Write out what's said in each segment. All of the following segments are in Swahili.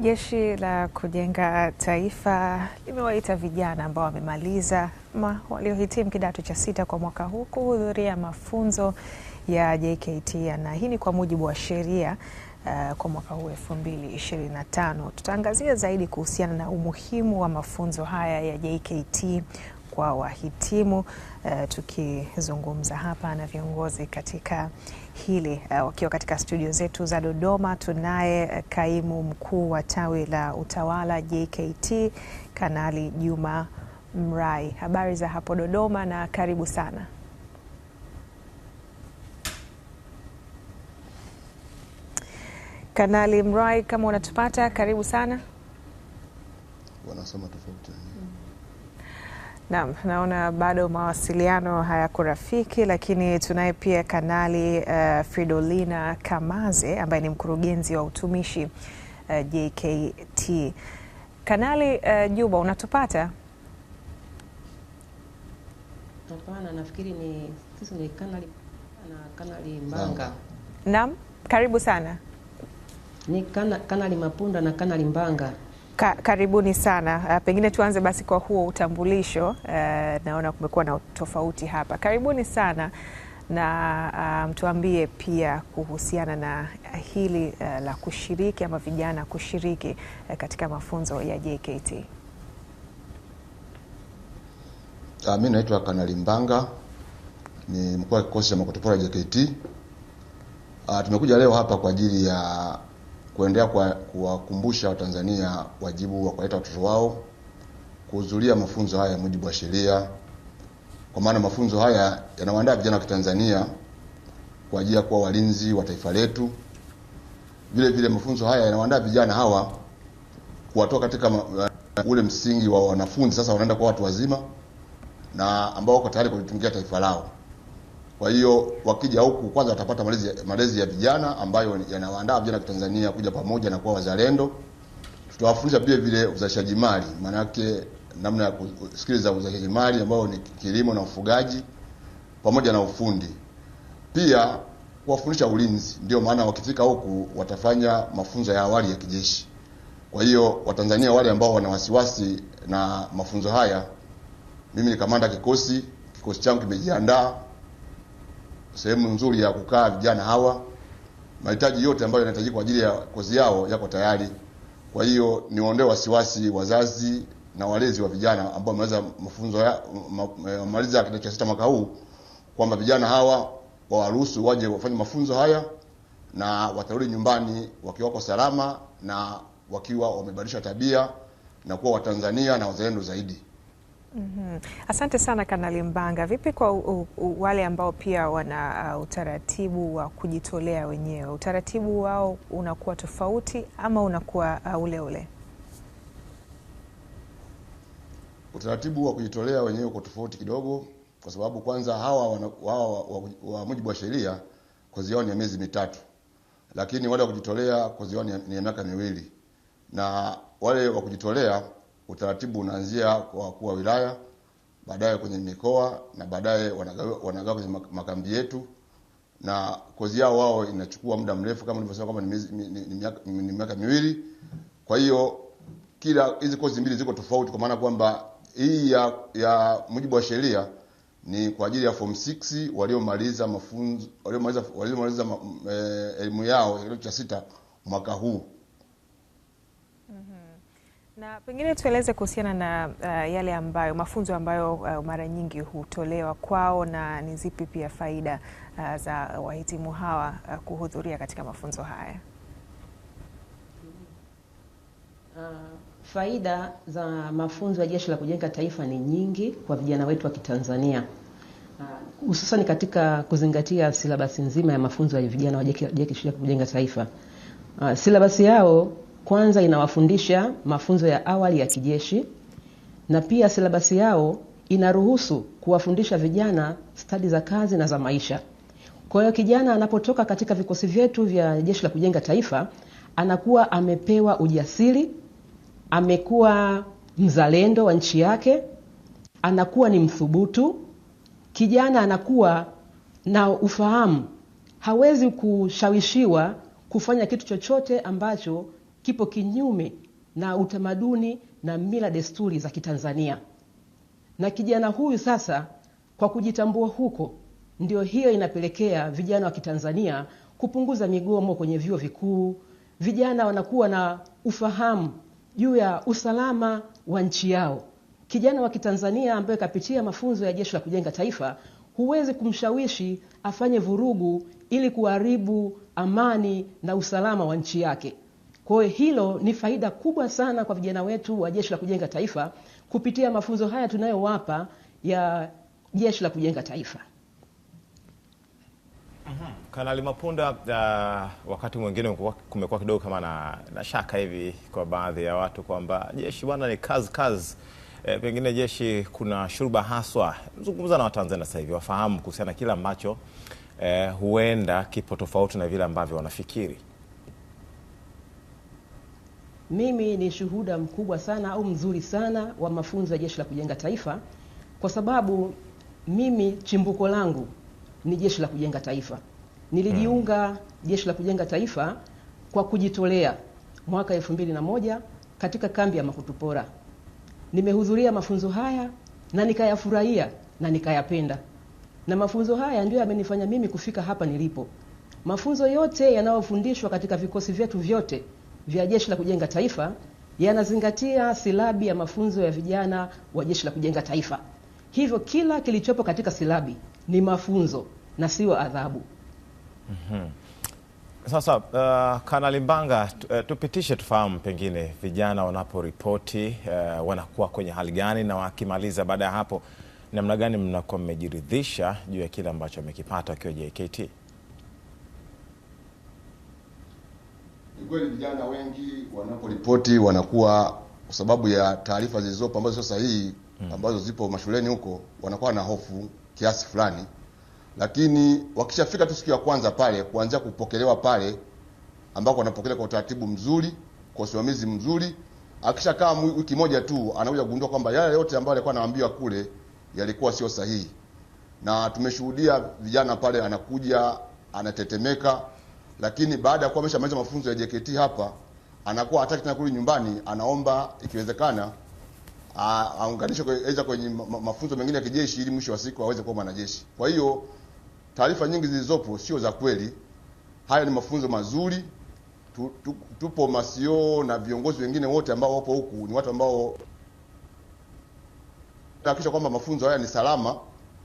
Jeshi la Kujenga Taifa limewaita vijana ambao wamemaliza ma waliohitimu kidato cha sita kwa mwaka huu kuhudhuria mafunzo ya JKT na hii ni kwa mujibu wa sheria uh, kwa mwaka huu 2025. Tutaangazia zaidi kuhusiana na umuhimu wa mafunzo haya ya JKT kwa wahitimu uh, tukizungumza hapa na viongozi katika hili uh, wakiwa katika studio zetu za Dodoma. Tunaye eh, kaimu mkuu wa tawi la utawala JKT Kanali Juma Mrai. Habari za hapo Dodoma na karibu sana. Kanali Mrai, kama unatupata, karibu sana. Wanasema tofauti. Naam, naona bado mawasiliano hayako rafiki, lakini tunaye pia Kanali uh, Fridolina Kamaze ambaye ni mkurugenzi wa utumishi uh, eh, JKT. Kanali uh, Juba, unatupata? Hapana, nafikiri ni sisi ni Kanali na Kanali Mbanga. Naam, karibu sana. Ni kana, Kanali Mapunda na Kanali Mbanga. Ka, karibuni sana uh, pengine tuanze basi kwa huo utambulisho uh, naona kumekuwa na tofauti hapa. Karibuni sana na mtuambie ah, mtuambie pia kuhusiana na hili uh, la kushiriki ama vijana kushiriki uh, katika mafunzo ya JKT. Ah, mi naitwa Kanali Mbanga, ni mkuu wa kikosi cha makotopora JKT. Uh, ah, tumekuja leo hapa kwa ajili ya kuendelea kuwakumbusha Watanzania wajibu wa kuleta watoto wao kuhudhuria mafunzo haya ya mujibu wa sheria, kwa maana mafunzo haya yanawaandaa vijana wa Kitanzania kwa ajili ya kuwa walinzi wa taifa letu. Vile vile mafunzo haya yanawaandaa vijana hawa kuwatoa katika ule msingi wa wanafunzi, sasa wanaenda kuwa watu wazima na ambao wako tayari kulitumikia taifa lao. Kwa hiyo wakija huku kwanza watapata malezi, malezi ya vijana ambayo yanawaandaa vijana wa Tanzania kuja pamoja na kuwa wazalendo. Tutawafundisha pia vile uzalishaji mali, maana yake namna ya skili za uzalishaji mali ambayo ni kilimo na ufugaji pamoja na ufundi. Pia kuwafundisha ulinzi, ndio maana wakifika huku watafanya mafunzo ya awali ya kijeshi. Kwa hiyo Watanzania wale ambao wana wasiwasi na mafunzo haya, mimi ni kamanda kikosi, kikosi changu kimejiandaa sehemu nzuri ya kukaa vijana hawa. Mahitaji yote ambayo yanahitajika kwa ajili ya kozi yao yako tayari. Kwa hiyo niwaondoe wasiwasi wazazi na walezi wa vijana ambao wameweza mafunzo ya maliza kidato cha sita mwaka huu kwamba vijana hawa wawaruhusu waje wafanye mafunzo haya na watarudi nyumbani wakiwa wako salama na wakiwa wamebadilisha tabia na kuwa Watanzania na wazalendo zaidi. Mm -hmm. Asante sana Kanali Mbanga. Vipi kwa u, u, wale ambao pia wana uh, utaratibu wa kujitolea wenyewe, utaratibu wao unakuwa tofauti ama unakuwa uh, ule ule? Utaratibu wa kujitolea wenyewe uko tofauti kidogo, kwa sababu kwanza hawa wao wa mujibu wa sheria kozi yao ni ya miezi mitatu, lakini wale wa kujitolea kozi yao ni ya miaka miwili, na wale wa kujitolea utaratibu unaanzia kwa wakuu wa wilaya, baadaye kwenye mikoa na baadaye wanagawa, kwenye makambi yetu, na kozi yao wao inachukua muda mrefu kama nilivyosema kwamba ni miaka miwili. Kwa hiyo kila hizi kozi mbili ziko tofauti, kwa maana kwamba hii ya, ya mujibu wa sheria ni kwa ajili ya form 6 waliomaliza mafunzo waliomaliza waliomaliza eh, elimu yao ya kidato cha sita mwaka huu. Na pengine tueleze kuhusiana na uh, yale ambayo mafunzo ambayo uh, mara nyingi hutolewa kwao na ni zipi pia faida uh, za wahitimu hawa uh, kuhudhuria katika mafunzo haya? Uh, faida za mafunzo ya Jeshi la Kujenga Taifa ni nyingi kwa vijana wetu wa Kitanzania hususani uh, katika kuzingatia silabasi nzima ya mafunzo ya vijana wa Jeshi la Kujenga Taifa. Uh, silabasi yao kwanza inawafundisha mafunzo ya awali ya kijeshi na pia silabasi yao inaruhusu kuwafundisha vijana stadi za kazi na za maisha. Kwa hiyo kijana anapotoka katika vikosi vyetu vya Jeshi la Kujenga Taifa anakuwa amepewa ujasiri, amekuwa mzalendo wa nchi yake, anakuwa ni mthubutu. Kijana anakuwa na ufahamu, hawezi kushawishiwa kufanya kitu chochote ambacho kipo kinyume na utamaduni na mila desturi za Kitanzania. Na kijana huyu sasa, kwa kujitambua huko, ndio hiyo inapelekea vijana wa Kitanzania kupunguza migomo kwenye vyuo vikuu. Vijana wanakuwa na ufahamu juu ya usalama wa nchi yao. Kijana wa Kitanzania ambaye kapitia mafunzo ya Jeshi la Kujenga Taifa, huwezi kumshawishi afanye vurugu ili kuharibu amani na usalama wa nchi yake. Kwa hiyo hilo ni faida kubwa sana kwa vijana wetu wa Jeshi la Kujenga Taifa kupitia mafunzo haya tunayowapa ya Jeshi la Kujenga Taifa. Mhm. Kanali Mapunda, uh, wakati mwingine kumekuwa kidogo kama na, na shaka hivi kwa baadhi ya watu kwamba jeshi bwana ni kazi kazi. E, pengine jeshi kuna shuruba haswa. Mzungumza na Watanzania sasa hivi wafahamu kuhusiana na kile ambacho e, huenda kipo tofauti na vile ambavyo wanafikiri. Mimi ni shuhuda mkubwa sana au mzuri sana wa mafunzo ya Jeshi la Kujenga Taifa, kwa sababu mimi chimbuko langu ni Jeshi la Kujenga Taifa. Nilijiunga hmm. Jeshi la Kujenga Taifa kwa kujitolea mwaka elfu mbili na moja katika kambi ya Makutupora. Nimehudhuria mafunzo haya na nikayafurahia na nikayapenda, na mafunzo haya ndio yamenifanya mimi kufika hapa nilipo. Mafunzo yote yanayofundishwa katika vikosi vyetu vyote vya Jeshi la Kujenga Taifa yanazingatia silabi ya mafunzo ya vijana wa Jeshi la Kujenga Taifa. Hivyo kila kilichopo katika silabi ni mafunzo na sio adhabu. mm -hmm. Sasa uh, Kanali Mbanga, uh, tupitishe tufahamu, pengine vijana wanaporipoti uh, wanakuwa kwenye hali gani, na wakimaliza baada ya hapo namna gani mnakuwa mmejiridhisha juu ya kile ambacho amekipata akiwa JKT? kweli vijana wengi wanaporipoti wanakuwa kwa sababu ya taarifa zilizopo ambazo sio sahihi hmm. ambazo zipo mashuleni huko, wanakuwa na hofu kiasi fulani, lakini wakishafika tu siku ya kwanza pale, kuanzia kupokelewa pale ambako wanapokelewa kwa utaratibu mzuri, kwa usimamizi mzuri, akishakaa wiki moja tu anakuja kugundua kwamba yale yote ambayo alikuwa anaambiwa kule yalikuwa sio sahihi, na tumeshuhudia vijana pale, anakuja anatetemeka lakini baada ya kuwa ameshamaliza mafunzo ya JKT hapa anakuwa hataki tena kurudi nyumbani, anaomba ikiwezekana aunganishwe aidha kwenye mafunzo mengine ya kijeshi ili mwisho wa siku aweze kuwa mwanajeshi. Kwa hiyo taarifa nyingi zilizopo sio za kweli. Haya ni mafunzo mazuri tu, tu, tupo masio na viongozi wengine wote ambao wapo huku ni watu ambao tunahakikisha kwamba mafunzo haya ni salama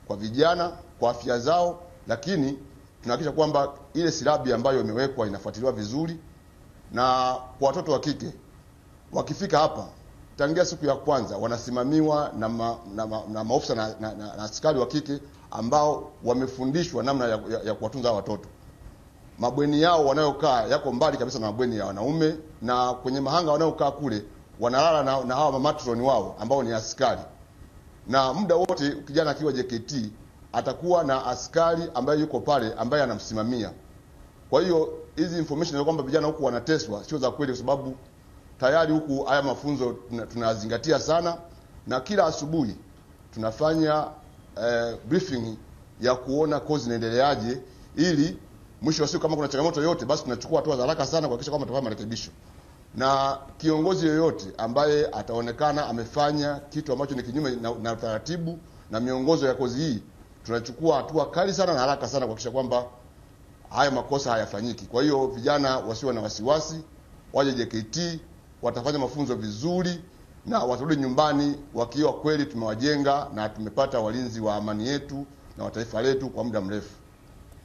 kwa vijana, kwa afya zao, lakini tunahakikisha kwamba ile silabi ambayo imewekwa inafuatiliwa vizuri, na kwa watoto wa kike wakifika hapa tangia siku ya kwanza wanasimamiwa na, ma, na, ma, na maofisa na, na, na, na askari wa kike ambao wamefundishwa namna ya, ya, ya kuwatunza watoto. Mabweni yao wanayokaa yako mbali kabisa na mabweni ya wanaume, na kwenye mahanga wanayokaa kule wanalala na, na hawa mamatroni wao ambao ni askari, na muda wote kijana akiwa JKT atakuwa na askari ambaye yuko pale ambaye anamsimamia. Kwa hiyo hizi information za kwamba vijana huku wanateswa sio za kweli, kwa sababu tayari huku haya mafunzo tunazingatia sana, na kila asubuhi tunafanya eh, briefing ya kuona kozi inaendeleaje, ili mwisho wa siku kama kuna changamoto yoyote, basi tunachukua hatua za haraka sana kuhakikisha kwamba tunafanya marekebisho. Na kiongozi yoyote ambaye ataonekana amefanya kitu ambacho ni kinyume na, na na miongozo ya kozi hii tunachukua hatua kali sana na haraka sana kuhakikisha kwamba haya makosa hayafanyiki. Kwa hiyo vijana wasiwe na wasiwasi, waje JKT, watafanya mafunzo vizuri na watarudi nyumbani wakiwa kweli tumewajenga na tumepata walinzi wa amani yetu na wa taifa letu kwa muda mrefu.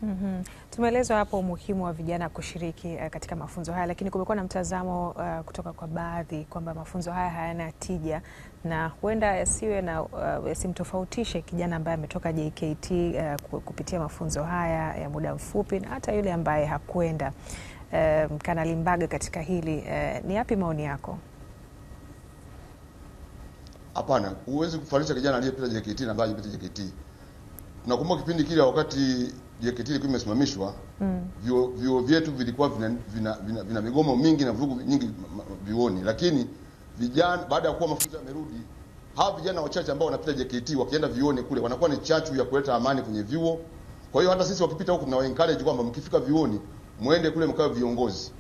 Mm -hmm. Tumeelezwa hapo umuhimu wa vijana kushiriki uh, katika mafunzo haya, lakini kumekuwa na mtazamo uh, kutoka kwa baadhi kwamba mafunzo haya hayana tija na huenda yasiwe na uh, yasimtofautishe kijana ambaye ametoka JKT uh, kupitia mafunzo haya ya muda mfupi na hata yule ambaye hakwenda. Uh, Kanali Mbaga, katika hili uh, ni yapi maoni yako? Hapana, huwezi kufanisha kijana aliyepita JKT na ambaye hajapita JKT. Nakumbuka kipindi kile wakati JKT ilikuwa imesimamishwa mm. Vyuo vyetu vilikuwa vina, vina, vina, vina migomo mingi na vurugu nyingi vyuoni, lakini vijana baada ya kuwa mafunzo yamerudi, hawa vijana wachache ambao wanapita JKT wakienda vyuoni kule wanakuwa ni chachu ya kuleta amani kwenye vyuo. Kwa hiyo hata sisi wakipita huku tunawa encourage kwamba mkifika vyuoni muende kule mkawe viongozi.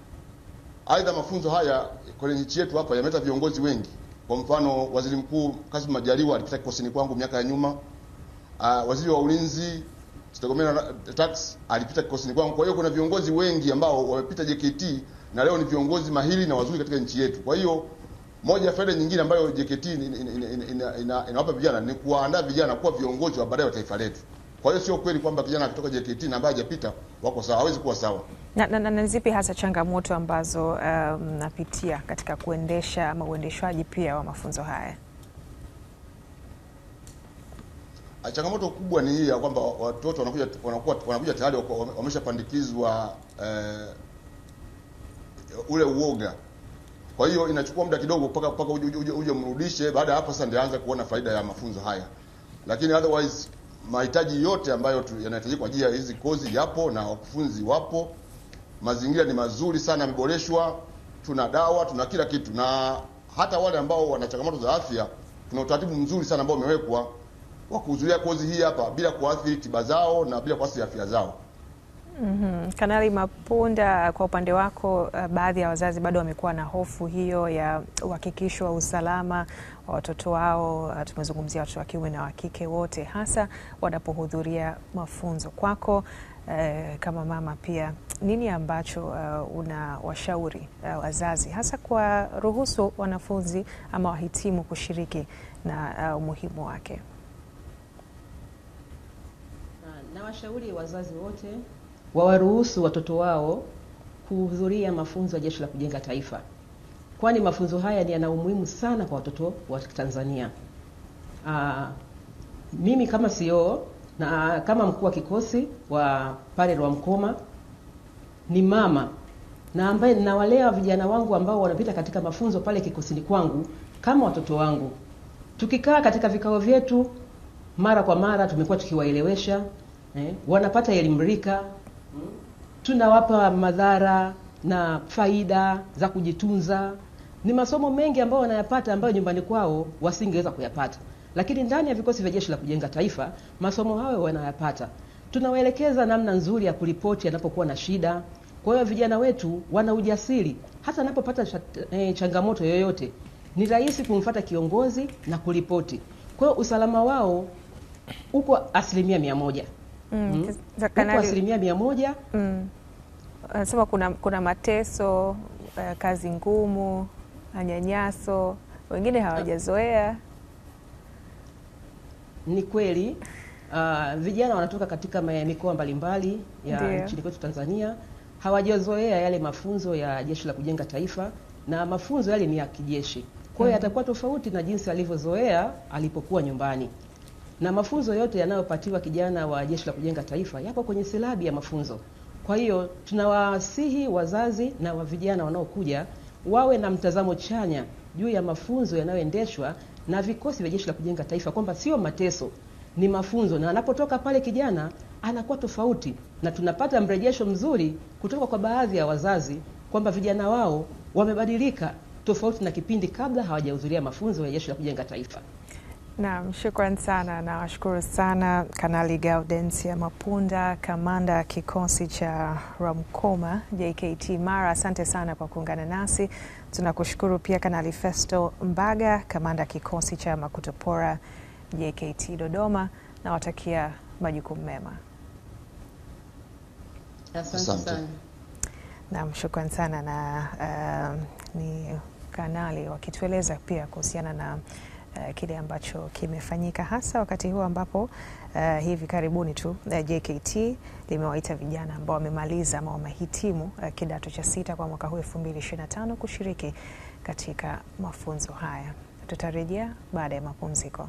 Aidha, mafunzo haya kwenye nchi yetu hapa yameleta viongozi wengi. Kwa mfano, Waziri Mkuu Kassim Majaliwa alipita kikosini kwangu miaka ya nyuma. Uh, waziri wa ulinzi Sitagomena eh, tax alipita kikosini kwangu. Kwa hiyo kuna viongozi wengi ambao wamepita JKT na leo ni viongozi mahiri na wazuri katika nchi yetu. Kwa hiyo moja ya faida nyingine ambayo JKT inawapa vijana ni kuwaandaa vijana kuwa viongozi wa baadaye wa taifa letu. Kwa hiyo sio kweli kwamba kijana kutoka JKT na ambaye hajapita wako sawa, hawezi kuwa sawa. Na, na, na, na zipi hasa changamoto ambazo mnapitia um, katika kuendesha ama uendeshwaji pia wa mafunzo haya? Ah, changamoto kubwa ni hii ya kwamba watoto wanakuja wanakuwa wanakuja tayari wameshapandikizwa eh, ule uoga. Kwa hiyo inachukua muda kidogo mpaka mpaka uje mrudishe. Baada ya hapo sasa ndio anza kuona faida ya mafunzo haya, lakini otherwise mahitaji yote ambayo yanahitajika kwa ajili ya hizi kozi yapo na wakufunzi wapo, mazingira ni mazuri sana, yameboreshwa, tuna dawa, tuna kila kitu, na hata wale ambao wana changamoto za afya tuna utaratibu mzuri sana ambao umewekwa wa kuzuia kozi hii hapa bila kuathiri tiba zao na bila kuathiri afya zao. Mm -hmm. Kanali Mapunda, kwa upande wako, eh, baadhi ya wazazi bado wamekuwa na hofu hiyo ya uhakikisho wa usalama wa watoto wao. Eh, tumezungumzia watoto wa kiume na wa kike wote, hasa wanapohudhuria mafunzo. Kwako Uh, kama mama pia, nini ambacho uh, unawashauri uh, wazazi hasa kwa ruhusu wanafunzi ama wahitimu kushiriki na uh, umuhimu wake? Tunawashauri wazazi wote wawaruhusu watoto wao kuhudhuria mafunzo ya Jeshi la Kujenga Taifa, kwani mafunzo haya ni yana umuhimu sana kwa watoto wa Tanzania. Aa, ah, mimi kama CEO na kama mkuu wa kikosi wa pale Rwamkoma ni mama na ambaye ninawalea vijana wangu ambao wanapita katika mafunzo pale kikosini kwangu kama watoto wangu. Tukikaa katika vikao vyetu mara kwa mara, tumekuwa tukiwaelewesha eh, wanapata elimrika tunawapa madhara na faida za kujitunza. Ni masomo mengi ambayo wanayapata ambayo nyumbani kwao wasingeweza kuyapata, lakini ndani ya vikosi vya jeshi la kujenga taifa masomo hayo wanayapata. Tunawaelekeza namna nzuri ya kuripoti anapokuwa na shida. Kwa hiyo vijana wetu wana ujasiri, hata anapopata e, changamoto yoyote ni rahisi kumfata kiongozi na kuripoti. Kwa hiyo usalama wao uko asilimia mia moja mm, mm. asilimia mia moja mm. Anasema eh, kuna, kuna mateso uh, kazi ngumu, manyanyaso, wengine hawajazoea. Ni kweli uh, vijana wanatoka katika mikoa mbalimbali ya nchini kwetu Tanzania, hawajazoea yale mafunzo ya Jeshi la Kujenga Taifa, na mafunzo yale ni ya kijeshi. Kwa hiyo mm atakuwa tofauti na jinsi alivyozoea alipokuwa nyumbani na mafunzo yote yanayopatiwa kijana wa Jeshi la Kujenga Taifa yapo kwenye silabi ya mafunzo. Kwa hiyo tunawasihi wazazi na wa vijana wanaokuja wawe na mtazamo chanya juu ya mafunzo yanayoendeshwa na vikosi vya Jeshi la Kujenga Taifa, kwamba sio mateso, ni mafunzo, na anapotoka pale kijana anakuwa tofauti, na tunapata mrejesho mzuri kutoka kwa baadhi ya wazazi kwamba vijana wao wamebadilika tofauti na kipindi kabla hawajahudhuria mafunzo ya Jeshi la Kujenga Taifa. Naam, shukran sana na washukuru sana Kanali Gaudensia Mapunda, kamanda kikosi cha Ramkoma JKT Mara. Asante sana kwa kuungana nasi. Tunakushukuru pia Kanali Festo Mbaga, kamanda kikosi cha Makutopora JKT Dodoma. Nawatakia majukumu mema. Asante sana. Naam, shukran sana na uh, ni kanali wakitueleza pia kuhusiana na Eh, kile ambacho kimefanyika hasa wakati huu ambapo uh, hivi karibuni tu uh, eh, JKT limewaita vijana ambao wamemaliza ama wamehitimu uh, kidato cha sita kwa mwaka huu 2025 kushiriki katika mafunzo haya. Tutarejea baada ya mapumziko.